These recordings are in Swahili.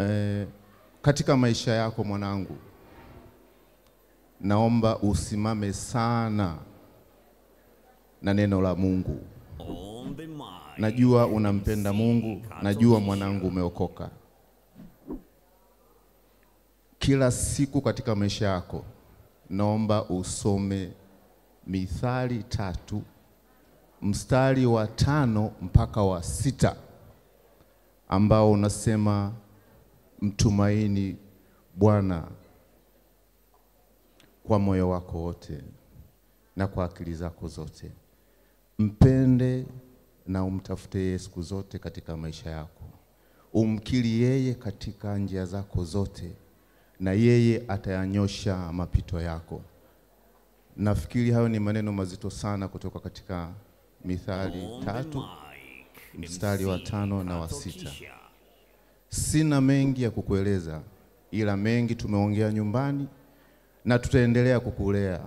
E, katika maisha yako mwanangu, naomba usimame sana na neno la Mungu. Najua unampenda Mungu, najua mwanangu umeokoka. Kila siku katika maisha yako naomba usome Mithali tatu mstari wa tano mpaka wa sita ambao unasema mtumaini Bwana kwa moyo wako wote na kwa akili zako zote. Mpende na umtafute yeye siku zote katika maisha yako, umkiri yeye katika njia zako zote, na yeye atayanyosha mapito yako. Nafikiri hayo ni maneno mazito sana kutoka katika Mithali tatu mstari wa tano na wa sita. Sina mengi ya kukueleza, ila mengi tumeongea nyumbani na tutaendelea kukulea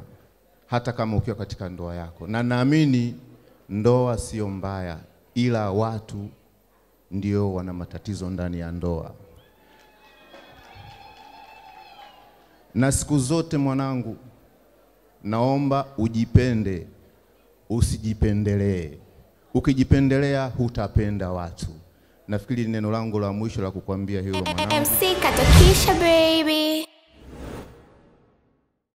hata kama ukiwa katika ndoa yako, na naamini ndoa sio mbaya, ila watu ndio wana matatizo ndani ya ndoa. Na siku zote mwanangu, naomba ujipende, usijipendelee. Ukijipendelea hutapenda watu nafikiri neno langu la mwisho la kukwambia hilo mwanangu. MC katokisha baby.